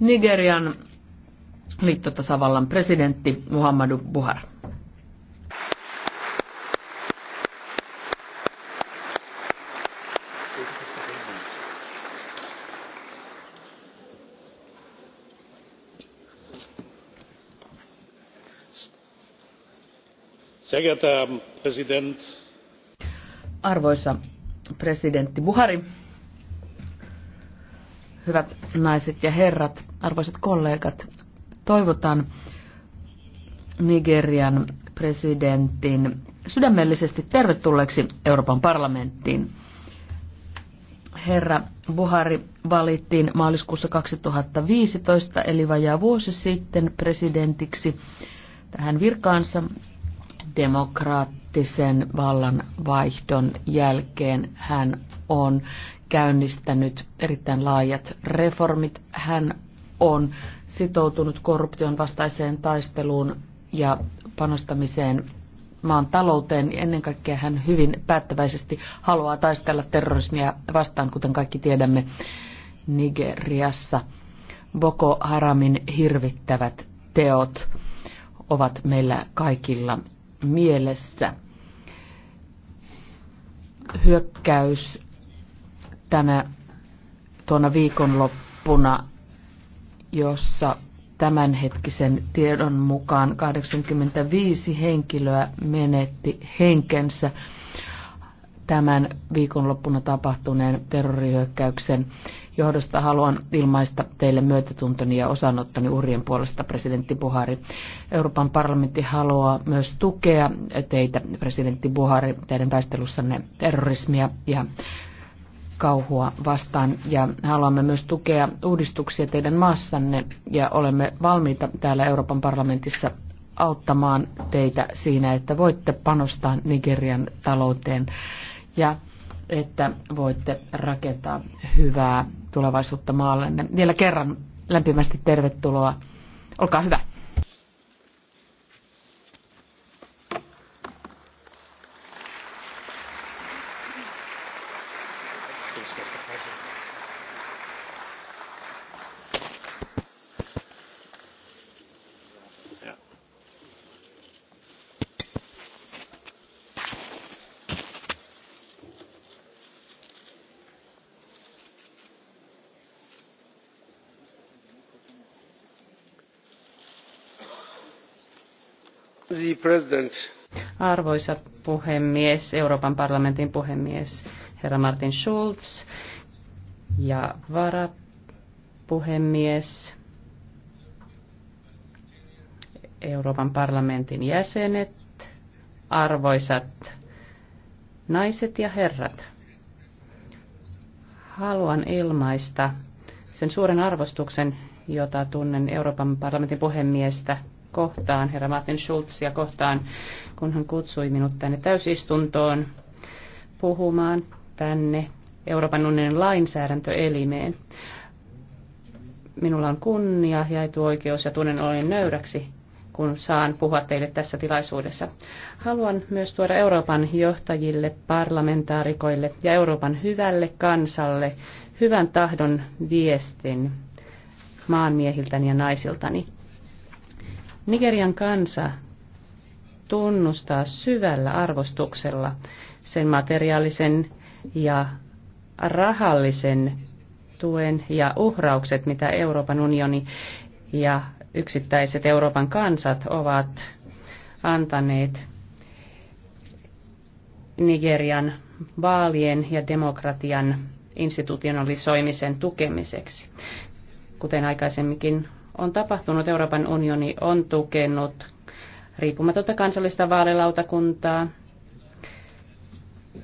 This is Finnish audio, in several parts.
Nigerian liittotasavallan presidentti Muhammadu Buhar. Arvoisa presidentti Buhari, hyvät naiset ja herrat, arvoisat kollegat, toivotan Nigerian presidentin sydämellisesti tervetulleeksi Euroopan parlamenttiin. Herra Buhari valittiin maaliskuussa 2015, eli vajaa vuosi sitten presidentiksi tähän virkaansa demokraattisen vallan vaihdon jälkeen. Hän on käynnistänyt erittäin laajat reformit. Hän on sitoutunut korruption vastaiseen taisteluun ja panostamiseen maan talouteen. Ennen kaikkea hän hyvin päättäväisesti haluaa taistella terrorismia vastaan, kuten kaikki tiedämme Nigeriassa. Boko Haramin hirvittävät teot ovat meillä kaikilla mielessä. Hyökkäys tänä tuona viikonloppuna jossa tämänhetkisen tiedon mukaan 85 henkilöä menetti henkensä tämän viikonloppuna tapahtuneen terrorihyökkäyksen johdosta haluan ilmaista teille myötätuntoni ja osanottoni uhrien puolesta, presidentti Buhari. Euroopan parlamentti haluaa myös tukea teitä, presidentti Buhari, teidän taistelussanne terrorismia ja kauhua vastaan ja haluamme myös tukea uudistuksia teidän maassanne ja olemme valmiita täällä Euroopan parlamentissa auttamaan teitä siinä, että voitte panostaa Nigerian talouteen ja että voitte rakentaa hyvää tulevaisuutta maallenne. Vielä kerran lämpimästi tervetuloa. Olkaa hyvä. Arvoisa puhemies, Euroopan parlamentin puhemies, herra Martin Schulz ja varapuhemies, Euroopan parlamentin jäsenet, arvoisat naiset ja herrat. Haluan ilmaista sen suuren arvostuksen, jota tunnen Euroopan parlamentin puhemiestä kohtaan, herra Martin Schulzia kohtaan, kun hän kutsui minut tänne täysistuntoon puhumaan tänne Euroopan unionin lainsäädäntöelimeen. Minulla on kunnia ja etuoikeus ja tunnen olen nöyräksi kun saan puhua teille tässä tilaisuudessa. Haluan myös tuoda Euroopan johtajille, parlamentaarikoille ja Euroopan hyvälle kansalle hyvän tahdon viestin maanmiehiltäni ja naisiltani. Nigerian kansa tunnustaa syvällä arvostuksella sen materiaalisen ja rahallisen tuen ja uhraukset, mitä Euroopan unioni ja yksittäiset Euroopan kansat ovat antaneet Nigerian vaalien ja demokratian institutionalisoimisen tukemiseksi. Kuten aikaisemminkin on tapahtunut, Euroopan unioni on tukenut riippumatonta kansallista vaalilautakuntaa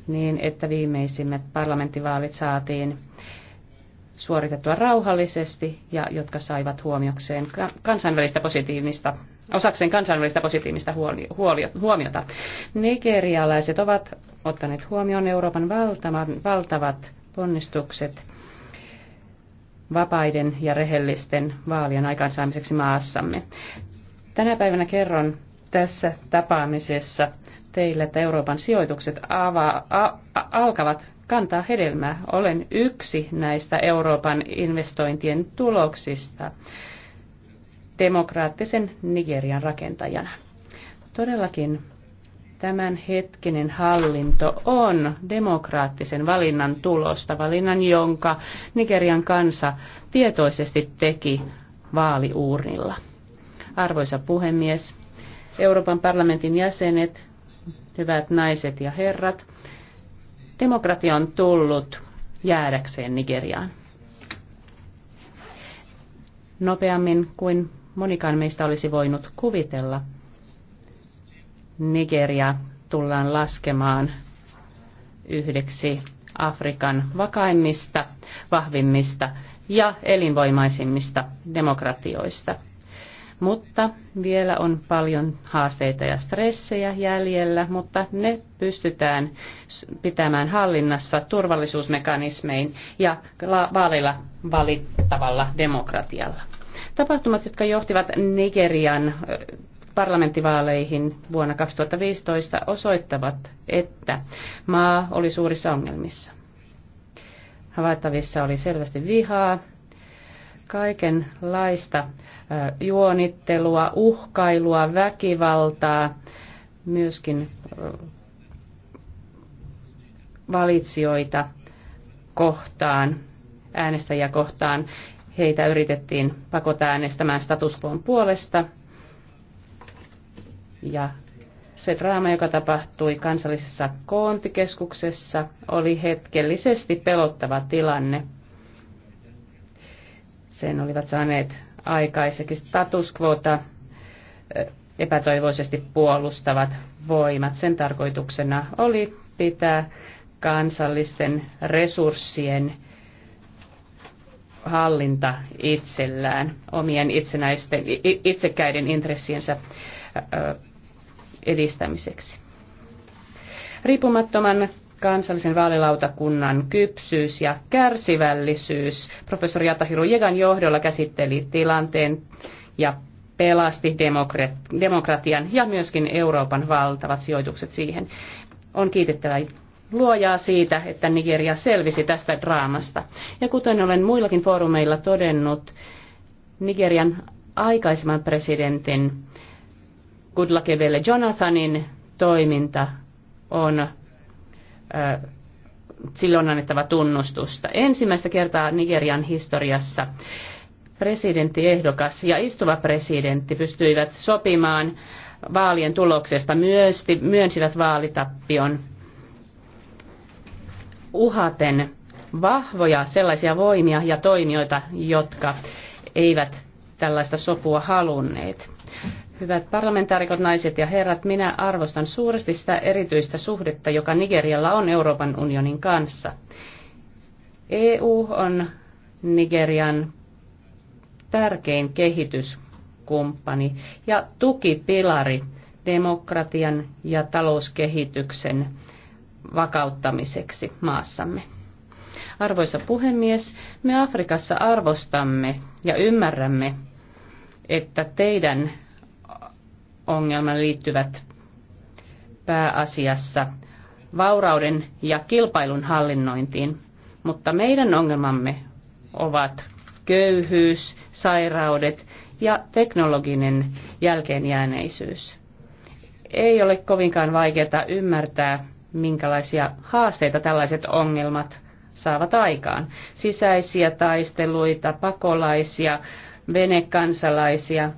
niin, että viimeisimmät parlamenttivaalit saatiin suoritettua rauhallisesti ja jotka saivat huomiokseen kansainvälistä positiivista, osakseen kansainvälistä positiivista huoli, huoli, huomiota. Nigerialaiset ovat ottaneet huomioon Euroopan valtavan, valtavat ponnistukset vapaiden ja rehellisten vaalien aikaansaamiseksi maassamme. Tänä päivänä kerron tässä tapaamisessa teille, että Euroopan sijoitukset avaa, a, a, alkavat kantaa hedelmää. Olen yksi näistä Euroopan investointien tuloksista demokraattisen Nigerian rakentajana. Todellakin tämänhetkinen hallinto on demokraattisen valinnan tulosta, valinnan, jonka Nigerian kansa tietoisesti teki vaaliuurnilla. Arvoisa puhemies, Euroopan parlamentin jäsenet, hyvät naiset ja herrat, demokratia on tullut jäädäkseen Nigeriaan. Nopeammin kuin monikaan meistä olisi voinut kuvitella – Nigeria tullaan laskemaan yhdeksi Afrikan vakaimmista, vahvimmista ja elinvoimaisimmista demokratioista. Mutta vielä on paljon haasteita ja stressejä jäljellä, mutta ne pystytään pitämään hallinnassa turvallisuusmekanismein ja vaalilla valittavalla demokratialla. Tapahtumat, jotka johtivat Nigerian parlamenttivaaleihin vuonna 2015 osoittavat, että maa oli suurissa ongelmissa. Havaittavissa oli selvästi vihaa, kaikenlaista juonittelua, uhkailua, väkivaltaa, myöskin valitsijoita kohtaan, äänestäjiä kohtaan. Heitä yritettiin pakota äänestämään status quoon puolesta ja se draama, joka tapahtui kansallisessa koontikeskuksessa, oli hetkellisesti pelottava tilanne. Sen olivat saaneet aikaiseksi status quota epätoivoisesti puolustavat voimat. Sen tarkoituksena oli pitää kansallisten resurssien hallinta itsellään omien itsenäisten, itsekäiden intressiensä edistämiseksi. Riippumattoman kansallisen vaalilautakunnan kypsyys ja kärsivällisyys professori Atahiru Jegan johdolla käsitteli tilanteen ja pelasti demokratian ja myöskin Euroopan valtavat sijoitukset siihen. On kiitettävä luojaa siitä, että Nigeria selvisi tästä draamasta. Ja kuten olen muillakin foorumeilla todennut, Nigerian aikaisemman presidentin Goodlakevelle Jonathanin toiminta on sille on annettava tunnustusta. Ensimmäistä kertaa Nigerian historiassa presidenttiehdokas ja istuva presidentti pystyivät sopimaan vaalien tuloksesta, myös, myönsivät vaalitappion uhaten vahvoja sellaisia voimia ja toimijoita, jotka eivät tällaista sopua halunneet. Hyvät parlamentaarikot, naiset ja herrat, minä arvostan suuresti sitä erityistä suhdetta, joka Nigerialla on Euroopan unionin kanssa. EU on Nigerian tärkein kehityskumppani ja tukipilari demokratian ja talouskehityksen vakauttamiseksi maassamme. Arvoisa puhemies, me Afrikassa arvostamme ja ymmärrämme, että teidän ongelman liittyvät pääasiassa vaurauden ja kilpailun hallinnointiin, mutta meidän ongelmamme ovat köyhyys, sairaudet ja teknologinen jälkeenjääneisyys. Ei ole kovinkaan vaikeaa ymmärtää, minkälaisia haasteita tällaiset ongelmat saavat aikaan. Sisäisiä taisteluita, pakolaisia, venekansalaisia,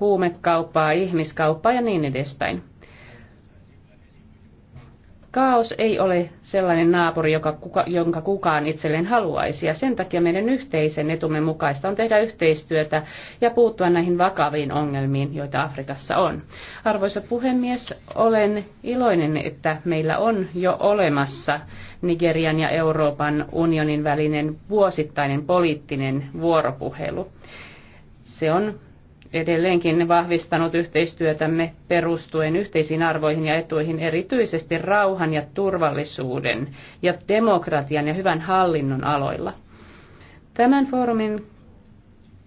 huumekauppaa, ihmiskauppaa ja niin edespäin. Kaos ei ole sellainen naapuri, joka kuka, jonka kukaan itselleen haluaisi, ja sen takia meidän yhteisen etumme mukaista on tehdä yhteistyötä ja puuttua näihin vakaviin ongelmiin, joita Afrikassa on. Arvoisa puhemies, olen iloinen, että meillä on jo olemassa Nigerian ja Euroopan unionin välinen vuosittainen poliittinen vuoropuhelu. Se on edelleenkin vahvistanut yhteistyötämme perustuen yhteisiin arvoihin ja etuihin, erityisesti rauhan ja turvallisuuden ja demokratian ja hyvän hallinnon aloilla. Tämän foorumin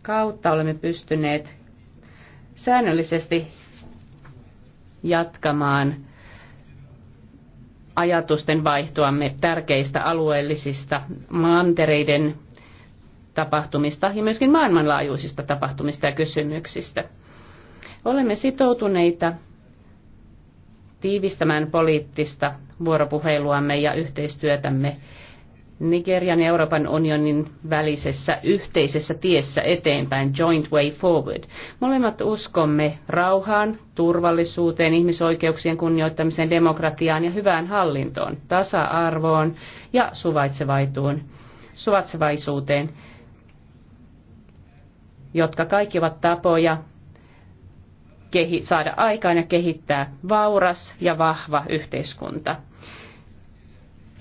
kautta olemme pystyneet säännöllisesti jatkamaan ajatusten vaihtoamme tärkeistä alueellisista mantereiden tapahtumista ja myöskin maailmanlaajuisista tapahtumista ja kysymyksistä. Olemme sitoutuneita tiivistämään poliittista vuoropuheluamme ja yhteistyötämme Nigerian ja Euroopan unionin välisessä yhteisessä tiessä eteenpäin, Joint Way Forward. Molemmat uskomme rauhaan, turvallisuuteen, ihmisoikeuksien kunnioittamiseen, demokratiaan ja hyvään hallintoon, tasa-arvoon ja suvaitsevaisuuteen jotka kaikki ovat tapoja saada aikaan ja kehittää vauras ja vahva yhteiskunta.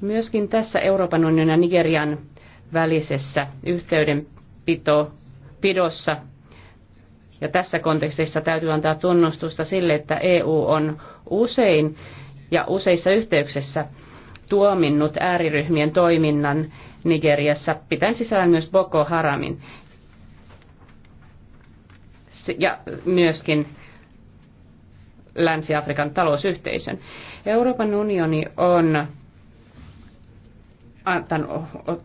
Myöskin tässä Euroopan unionin ja Nigerian välisessä yhteydenpidossa ja tässä kontekstissa täytyy antaa tunnustusta sille, että EU on usein ja useissa yhteyksissä tuominnut ääriryhmien toiminnan Nigeriassa, pitäen sisällä myös Boko Haramin ja myöskin Länsi-Afrikan talousyhteisön. Euroopan unioni on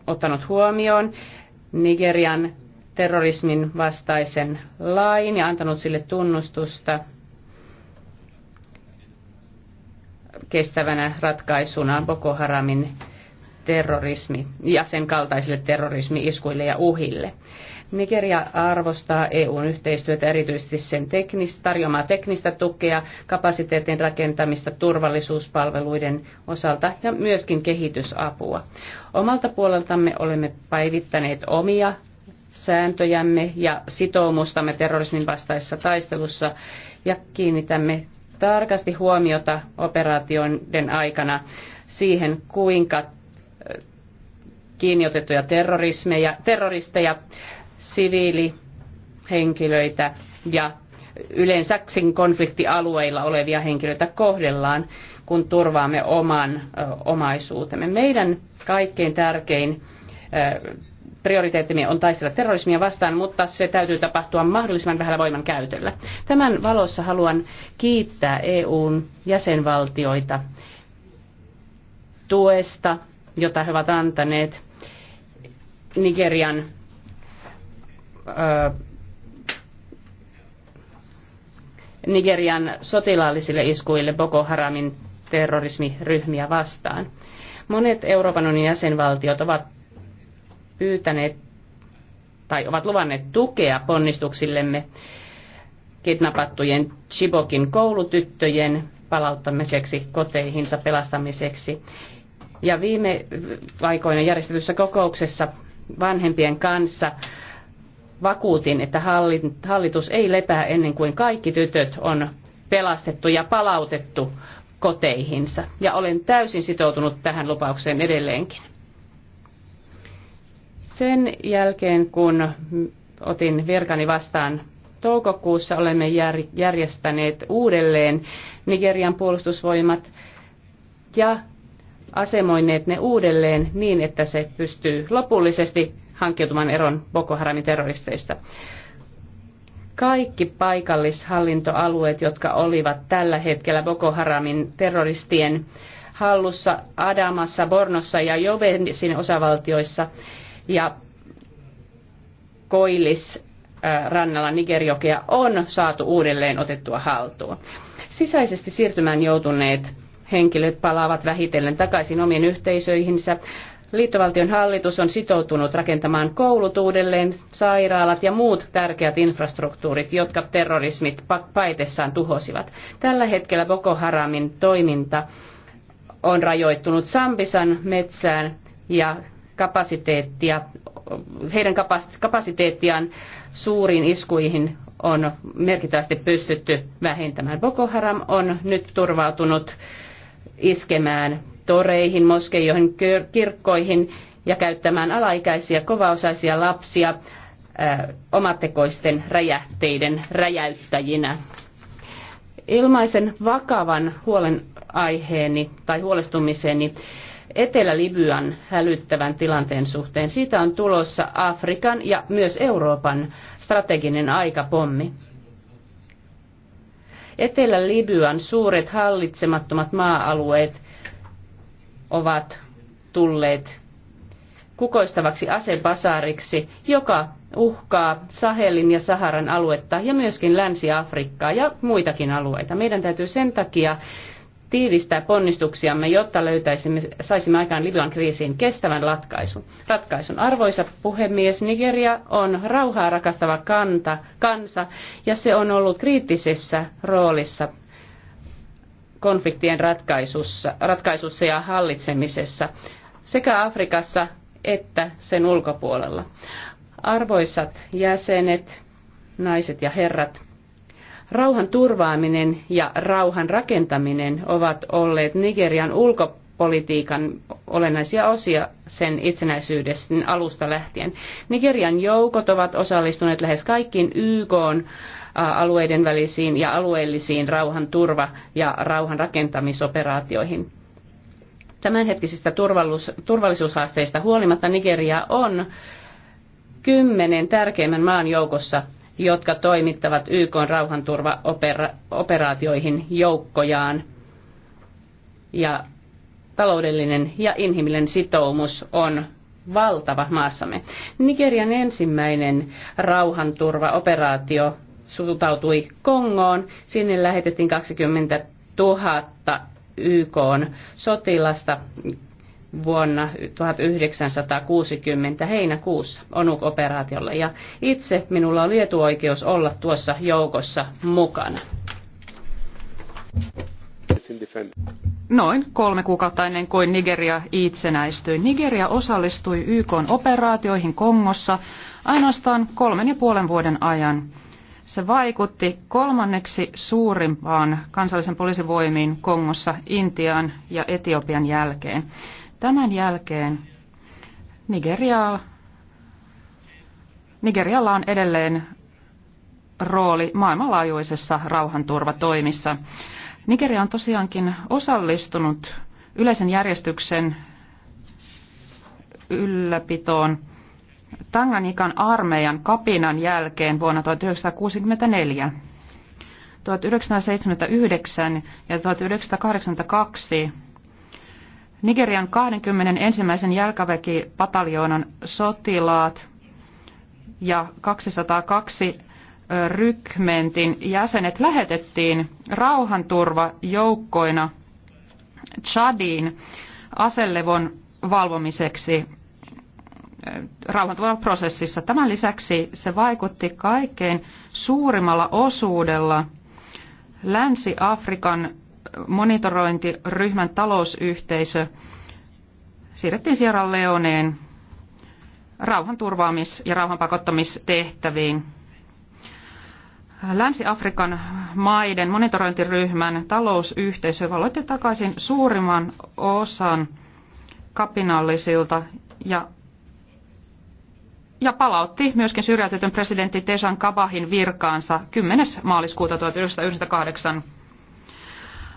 ottanut huomioon Nigerian terrorismin vastaisen lain ja antanut sille tunnustusta kestävänä ratkaisuna Boko Haramin terrorismi ja sen kaltaisille terrorismi-iskuille ja uhille. Nigeria arvostaa EUn yhteistyötä erityisesti sen teknistä, tarjoamaa teknistä tukea, kapasiteetin rakentamista turvallisuuspalveluiden osalta ja myöskin kehitysapua. Omalta puoleltamme olemme päivittäneet omia sääntöjämme ja sitoumustamme terrorismin vastaisessa taistelussa ja kiinnitämme tarkasti huomiota operaatioiden aikana siihen, kuinka kiinniotettuja terrorismeja, terroristeja, siviilihenkilöitä ja yleensäkin konfliktialueilla olevia henkilöitä kohdellaan, kun turvaamme oman omaisuutemme. Meidän kaikkein tärkein prioriteettimme on taistella terrorismia vastaan, mutta se täytyy tapahtua mahdollisimman vähällä voiman käytöllä. Tämän valossa haluan kiittää EUn jäsenvaltioita tuesta jota he ovat antaneet Nigerian Nigerian sotilaallisille iskuille Boko Haramin terrorismiryhmiä vastaan. Monet Euroopan unionin jäsenvaltiot ovat pyytäneet tai ovat luvanneet tukea ponnistuksillemme kidnappattujen Chibokin koulutyttöjen palauttamiseksi koteihinsa pelastamiseksi ja viime aikoina järjestetyssä kokouksessa vanhempien kanssa vakuutin, että hallitus ei lepää ennen kuin kaikki tytöt on pelastettu ja palautettu koteihinsa. Ja olen täysin sitoutunut tähän lupaukseen edelleenkin. Sen jälkeen, kun otin virkani vastaan toukokuussa, olemme järjestäneet uudelleen Nigerian puolustusvoimat ja asemoineet ne uudelleen niin, että se pystyy lopullisesti hankkiutumaan eron Boko Haramin terroristeista. Kaikki paikallishallintoalueet, jotka olivat tällä hetkellä Boko Haramin terroristien hallussa Adamassa, Bornossa ja Jovesin osavaltioissa ja Koillis rannalla Nigerjokea on saatu uudelleen otettua haltuun. Sisäisesti siirtymään joutuneet henkilöt palaavat vähitellen takaisin omiin yhteisöihinsä. Liittovaltion hallitus on sitoutunut rakentamaan koulut uudelleen, sairaalat ja muut tärkeät infrastruktuurit, jotka terrorismit paitessaan tuhosivat. Tällä hetkellä Boko Haramin toiminta on rajoittunut Sambisan metsään ja kapasiteettia, heidän kapasiteettiaan suuriin iskuihin on merkittävästi pystytty vähentämään. Boko Haram on nyt turvautunut iskemään toreihin, moskeijoihin, kirkkoihin ja käyttämään alaikäisiä, kovaosaisia lapsia omatekoisten räjähteiden räjäyttäjinä. Ilmaisen vakavan huolen aiheeni tai huolestumiseni Etelä-Libyan hälyttävän tilanteen suhteen. Siitä on tulossa Afrikan ja myös Euroopan strateginen aikapommi. Etelä-Libyan suuret hallitsemattomat maa-alueet ovat tulleet kukoistavaksi asebasaariksi, joka uhkaa Sahelin ja Saharan aluetta ja myöskin Länsi-Afrikkaa ja muitakin alueita. Meidän täytyy sen takia tiivistää ponnistuksiamme, jotta löytäisimme, saisimme aikaan Libyan kriisiin kestävän ratkaisun. ratkaisun. Arvoisa puhemies, Nigeria on rauhaa rakastava kanta, kansa ja se on ollut kriittisessä roolissa konfliktien ratkaisussa, ratkaisussa ja hallitsemisessa sekä Afrikassa että sen ulkopuolella. Arvoisat jäsenet, naiset ja herrat, Rauhan turvaaminen ja rauhan rakentaminen ovat olleet Nigerian ulkopolitiikan olennaisia osia sen itsenäisyydestä alusta lähtien. Nigerian joukot ovat osallistuneet lähes kaikkiin YK alueiden välisiin ja alueellisiin rauhan turva- ja rauhan rakentamisoperaatioihin. Tämänhetkisistä turvallisuushaasteista huolimatta Nigeria on kymmenen tärkeimmän maan joukossa jotka toimittavat YK rauhanturvaoperaatioihin joukkojaan. Ja taloudellinen ja inhimillinen sitoumus on valtava maassamme. Nigerian ensimmäinen rauhanturvaoperaatio sutautui Kongoon. Sinne lähetettiin 20 000 YK sotilasta vuonna 1960 heinäkuussa ONUK-operaatiolla. Ja itse minulla oli etuoikeus olla tuossa joukossa mukana. Noin kolme kuukautta ennen kuin Nigeria itsenäistyi. Nigeria osallistui YK operaatioihin Kongossa ainoastaan kolmen ja puolen vuoden ajan. Se vaikutti kolmanneksi suurimpaan kansallisen poliisivoimiin Kongossa Intian ja Etiopian jälkeen. Tämän jälkeen Nigeria, Nigerialla on edelleen rooli maailmanlaajuisessa rauhanturvatoimissa. Nigeria on tosiaankin osallistunut yleisen järjestyksen ylläpitoon Tanganikan armeijan kapinan jälkeen vuonna 1964. 1979 ja 1982 Nigerian 21. jalkaväkipataljoonan sotilaat ja 202 rykmentin jäsenet lähetettiin rauhanturvajoukkoina Chadiin aselevon valvomiseksi rauhanturvaprosessissa. Tämän lisäksi se vaikutti kaikkein suurimmalla osuudella Länsi-Afrikan monitorointiryhmän talousyhteisö siirrettiin Sierra Leoneen rauhanturvaamis- ja rauhanpakottamistehtäviin. Länsi-Afrikan maiden monitorointiryhmän talousyhteisö valoitti takaisin suurimman osan kapinallisilta ja, ja palautti myöskin syrjäytetyn presidentti Tejan Kabahin virkaansa 10. maaliskuuta 1998.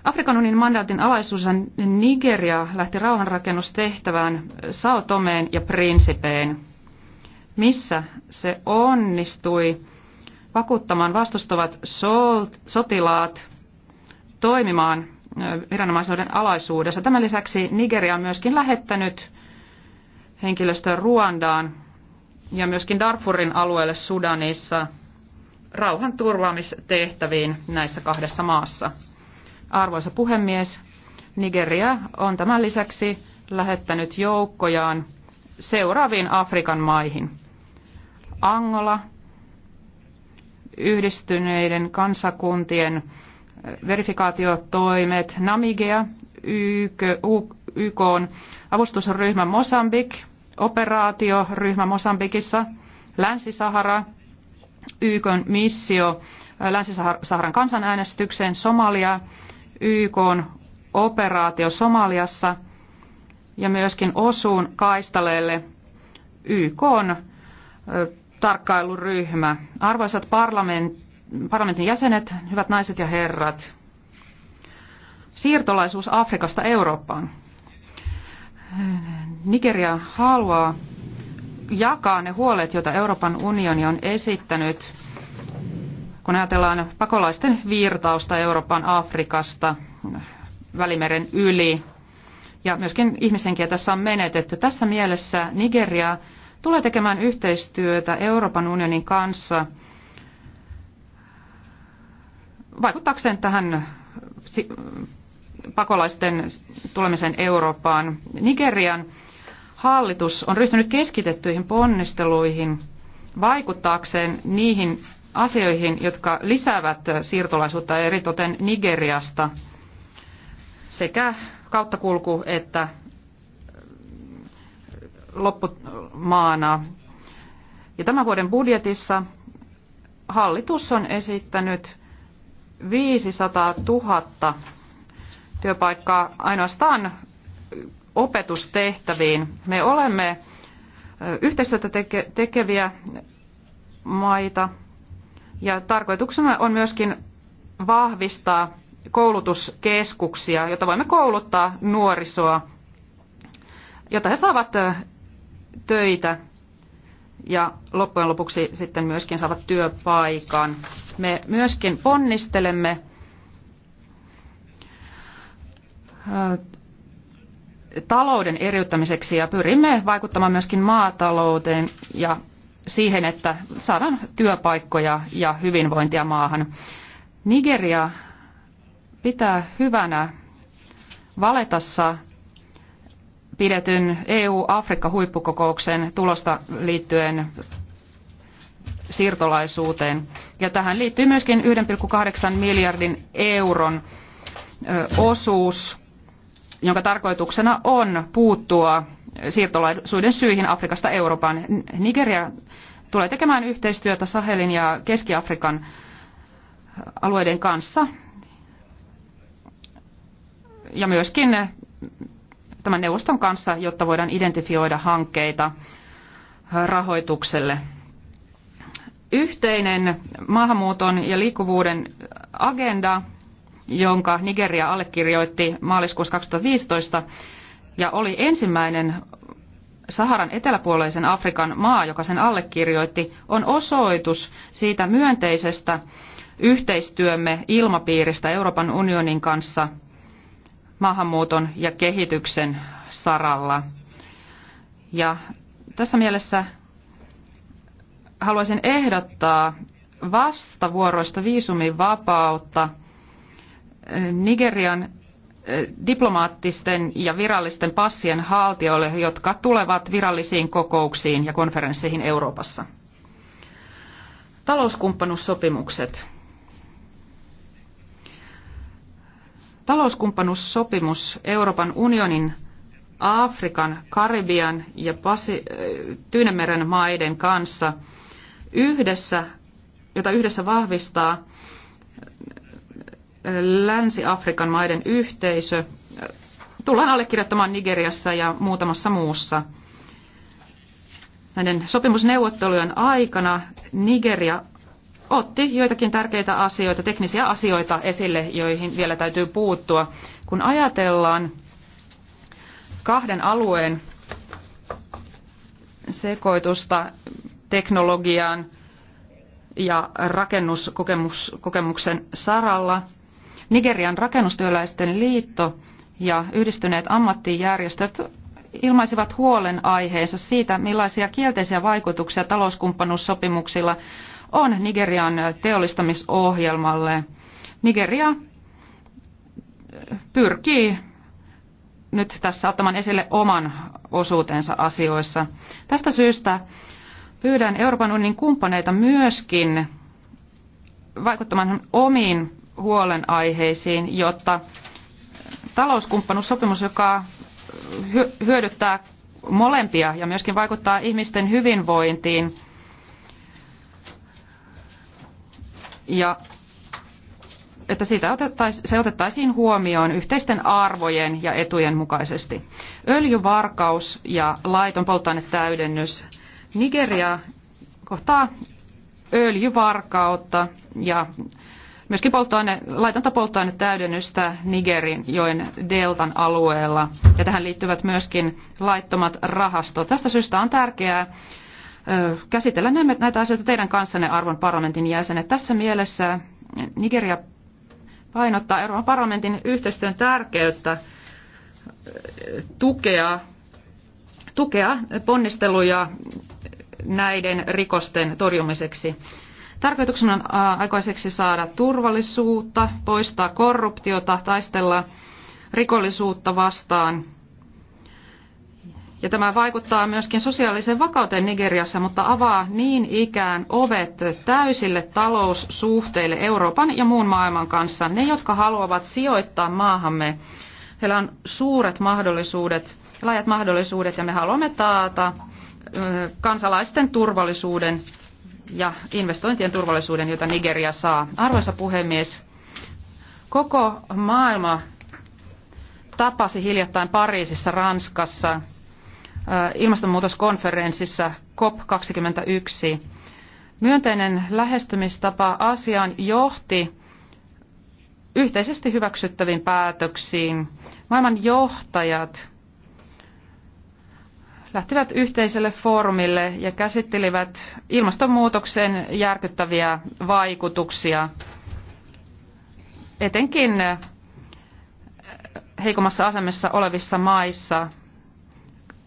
Afrikan unionin mandaatin alaisuudessa Nigeria lähti rauhanrakennustehtävään Sao Tomeen ja Prinsipeen, missä se onnistui vakuuttamaan vastustavat sotilaat toimimaan viranomaisuuden alaisuudessa. Tämän lisäksi Nigeria on myöskin lähettänyt henkilöstöä Ruandaan ja myöskin Darfurin alueelle Sudanissa rauhanturvaamistehtäviin näissä kahdessa maassa. Arvoisa puhemies, Nigeria on tämän lisäksi lähettänyt joukkojaan seuraaviin Afrikan maihin. Angola, yhdistyneiden kansakuntien eh, verifikaatiotoimet, Namibia, YK, YK avustusryhmä Mosambik, operaatioryhmä Mosambikissa, Länsi-Sahara, YK missio eh, Länsi-Saharan kansanäänestykseen, Somalia, YK operaatio Somaliassa ja myöskin osuun kaistaleelle YK tarkkailuryhmä. Arvoisat parlamentin jäsenet, hyvät naiset ja herrat, siirtolaisuus Afrikasta Eurooppaan. Nigeria haluaa jakaa ne huolet, joita Euroopan unioni on esittänyt kun ajatellaan pakolaisten virtausta Euroopan Afrikasta Välimeren yli. Ja myöskin ihmishenkiä tässä on menetetty. Tässä mielessä Nigeria tulee tekemään yhteistyötä Euroopan unionin kanssa vaikuttaakseen tähän pakolaisten tulemisen Eurooppaan. Nigerian hallitus on ryhtynyt keskitettyihin ponnisteluihin vaikuttaakseen niihin asioihin, jotka lisäävät siirtolaisuutta eritoten Nigeriasta sekä kauttakulku että loppumaana. Ja tämän vuoden budjetissa hallitus on esittänyt 500 000 työpaikkaa ainoastaan opetustehtäviin. Me olemme yhteistyötä tekeviä maita ja tarkoituksena on myöskin vahvistaa koulutuskeskuksia, jotta voimme kouluttaa nuorisoa, jotta he saavat töitä ja loppujen lopuksi sitten myöskin saavat työpaikan. Me myöskin ponnistelemme talouden eriyttämiseksi ja pyrimme vaikuttamaan myöskin maatalouteen ja siihen, että saadaan työpaikkoja ja hyvinvointia maahan. Nigeria pitää hyvänä Valetassa pidetyn EU-Afrikka-huippukokouksen tulosta liittyen siirtolaisuuteen. Ja tähän liittyy myöskin 1,8 miljardin euron osuus, jonka tarkoituksena on puuttua siirtolaisuuden syihin Afrikasta Euroopan. Nigeria tulee tekemään yhteistyötä Sahelin ja Keski-Afrikan alueiden kanssa ja myöskin tämän neuvoston kanssa, jotta voidaan identifioida hankkeita rahoitukselle. Yhteinen maahanmuuton ja liikkuvuuden agenda, jonka Nigeria allekirjoitti maaliskuussa 2015 ja oli ensimmäinen Saharan eteläpuoleisen Afrikan maa, joka sen allekirjoitti, on osoitus siitä myönteisestä yhteistyömme ilmapiiristä Euroopan unionin kanssa maahanmuuton ja kehityksen saralla. Ja tässä mielessä haluaisin ehdottaa vastavuoroista viisumin vapautta Nigerian diplomaattisten ja virallisten passien haltijoille, jotka tulevat virallisiin kokouksiin ja konferensseihin Euroopassa. Talouskumppanuussopimukset. Talouskumppanuussopimus Euroopan unionin, Afrikan, Karibian ja Pasi, Tyynemeren maiden kanssa yhdessä, jota yhdessä vahvistaa – Länsi-Afrikan maiden yhteisö tullaan allekirjoittamaan Nigeriassa ja muutamassa muussa. Näiden sopimusneuvottelujen aikana Nigeria otti joitakin tärkeitä asioita, teknisiä asioita esille, joihin vielä täytyy puuttua. Kun ajatellaan kahden alueen sekoitusta teknologiaan ja rakennuskokemuksen saralla – Nigerian rakennustyöläisten liitto ja yhdistyneet ammattijärjestöt ilmaisivat huolen aiheensa siitä, millaisia kielteisiä vaikutuksia talouskumppanuussopimuksilla on Nigerian teollistamisohjelmalle. Nigeria pyrkii nyt tässä ottamaan esille oman osuutensa asioissa. Tästä syystä pyydän Euroopan unionin kumppaneita myöskin vaikuttamaan omiin huolenaiheisiin, jotta talouskumppanuussopimus, joka hyödyttää molempia ja myöskin vaikuttaa ihmisten hyvinvointiin ja että siitä otettais, se otettaisiin huomioon yhteisten arvojen ja etujen mukaisesti. Öljyvarkaus ja laiton polttoainetäydennys. Nigeria kohtaa öljyvarkautta ja myöskin polttoaine, laitonta polttoainetäydennystä Nigerin joen deltan alueella. Ja tähän liittyvät myöskin laittomat rahastot. Tästä syystä on tärkeää käsitellä näitä asioita teidän kanssanne arvon parlamentin jäsenet. Tässä mielessä Nigeria painottaa Euroopan parlamentin yhteistyön tärkeyttä tukea, tukea ponnisteluja näiden rikosten torjumiseksi. Tarkoituksena on aikaiseksi saada turvallisuutta, poistaa korruptiota, taistella rikollisuutta vastaan. Ja tämä vaikuttaa myöskin sosiaaliseen vakauteen Nigeriassa, mutta avaa niin ikään ovet täysille taloussuhteille Euroopan ja muun maailman kanssa. Ne, jotka haluavat sijoittaa maahamme, heillä on suuret mahdollisuudet, laajat mahdollisuudet ja me haluamme taata kansalaisten turvallisuuden ja investointien turvallisuuden, jota Nigeria saa. Arvoisa puhemies, koko maailma tapasi hiljattain Pariisissa, Ranskassa, ilmastonmuutoskonferenssissa COP21. Myönteinen lähestymistapa asiaan johti yhteisesti hyväksyttäviin päätöksiin. Maailman johtajat lähtivät yhteiselle foorumille ja käsittelivät ilmastonmuutoksen järkyttäviä vaikutuksia, etenkin eh, heikommassa asemassa olevissa maissa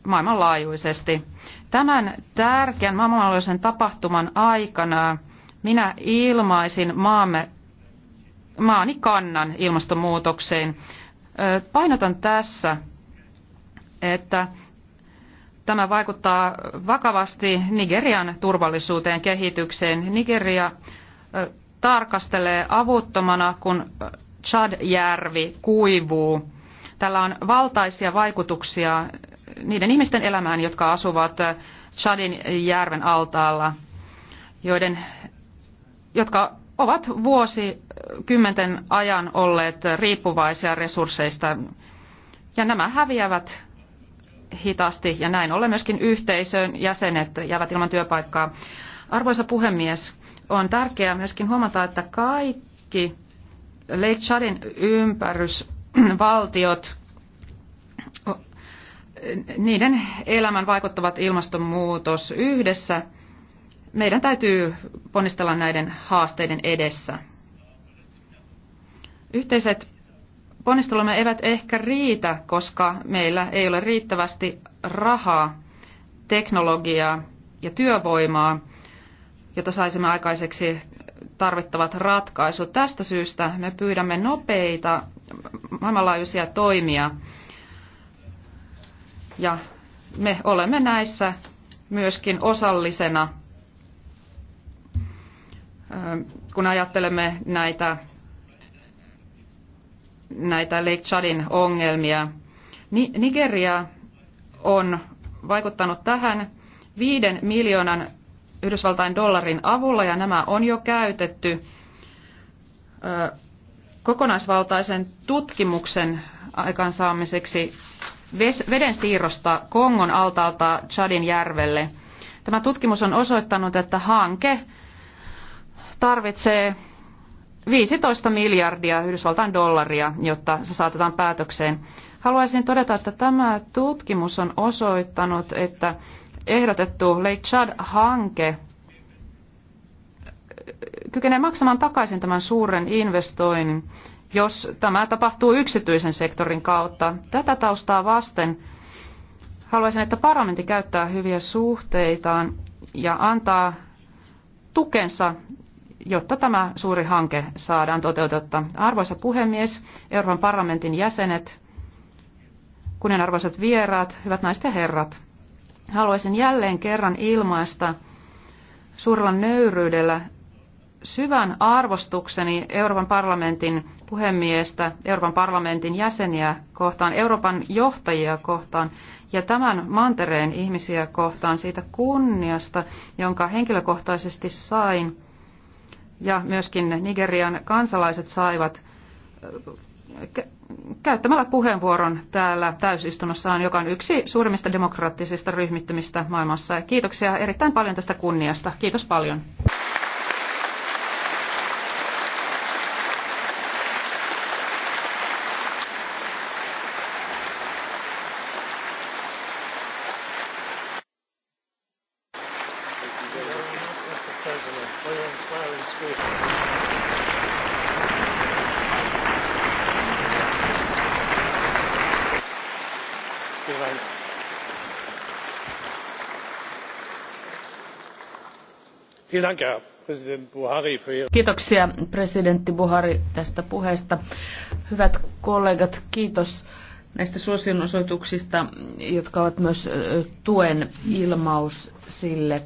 maailmanlaajuisesti. Tämän tärkeän maailmanlaajuisen tapahtuman aikana minä ilmaisin maamme, maani kannan ilmastonmuutokseen. Eh, painotan tässä, että Tämä vaikuttaa vakavasti Nigerian turvallisuuteen kehitykseen. Nigeria tarkastelee avuttomana, kun Chad-järvi kuivuu. Tällä on valtaisia vaikutuksia niiden ihmisten elämään, jotka asuvat Chadin järven altaalla, joiden, jotka ovat vuosikymmenten ajan olleet riippuvaisia resursseista. Ja nämä häviävät hitaasti ja näin ollen myöskin yhteisön jäsenet jäävät ilman työpaikkaa. Arvoisa puhemies, on tärkeää myöskin huomata, että kaikki Lake Chadin ympärysvaltiot, niiden elämän vaikuttavat ilmastonmuutos yhdessä. Meidän täytyy ponnistella näiden haasteiden edessä. Yhteiset ponnistelumme eivät ehkä riitä, koska meillä ei ole riittävästi rahaa, teknologiaa ja työvoimaa, jota saisimme aikaiseksi tarvittavat ratkaisut. Tästä syystä me pyydämme nopeita maailmanlaajuisia toimia. Ja me olemme näissä myöskin osallisena, kun ajattelemme näitä näitä Lake Chadin ongelmia. Nigeria on vaikuttanut tähän viiden miljoonan Yhdysvaltain dollarin avulla ja nämä on jo käytetty kokonaisvaltaisen tutkimuksen aikaansaamiseksi veden siirrosta Kongon altaalta Chadin järvelle. Tämä tutkimus on osoittanut, että hanke tarvitsee 15 miljardia Yhdysvaltain dollaria, jotta se saatetaan päätökseen. Haluaisin todeta, että tämä tutkimus on osoittanut, että ehdotettu Lake Chad-hanke kykenee maksamaan takaisin tämän suuren investoinnin, jos tämä tapahtuu yksityisen sektorin kautta. Tätä taustaa vasten haluaisin, että parlamentti käyttää hyviä suhteitaan ja antaa tukensa jotta tämä suuri hanke saadaan toteutetta. Arvoisa puhemies, Euroopan parlamentin jäsenet, kunnianarvoiset vieraat, hyvät naiset ja herrat, haluaisin jälleen kerran ilmaista suurella nöyryydellä syvän arvostukseni Euroopan parlamentin puhemiestä, Euroopan parlamentin jäseniä kohtaan, Euroopan johtajia kohtaan ja tämän mantereen ihmisiä kohtaan siitä kunniasta, jonka henkilökohtaisesti sain – ja myöskin Nigerian kansalaiset saivat äh, käyttämällä puheenvuoron täällä täysistunnossaan, joka on yksi suurimmista demokraattisista ryhmittymistä maailmassa. Kiitoksia erittäin paljon tästä kunniasta. Kiitos paljon. inspiring speech. Kiitoksia presidentti Buhari tästä puheesta. Hyvät kollegat, kiitos näistä suosionosoituksista, jotka ovat myös tuen ilmaus sille,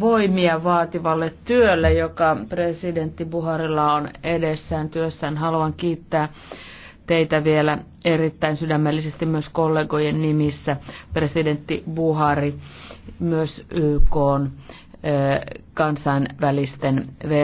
voimia vaativalle työlle, joka presidentti Buharilla on edessään työssään. Haluan kiittää teitä vielä erittäin sydämellisesti myös kollegojen nimissä. Presidentti Buhari myös YK on kansainvälisten